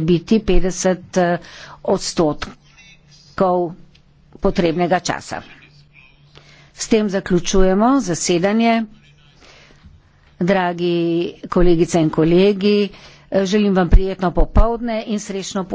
biti 50 eh, odstotkov potrebnega časa. S tem zaključujemo zasedanje. Dragi kolegice in kolegi, eh, želim vam prijetno popovdne in srečno popovdne.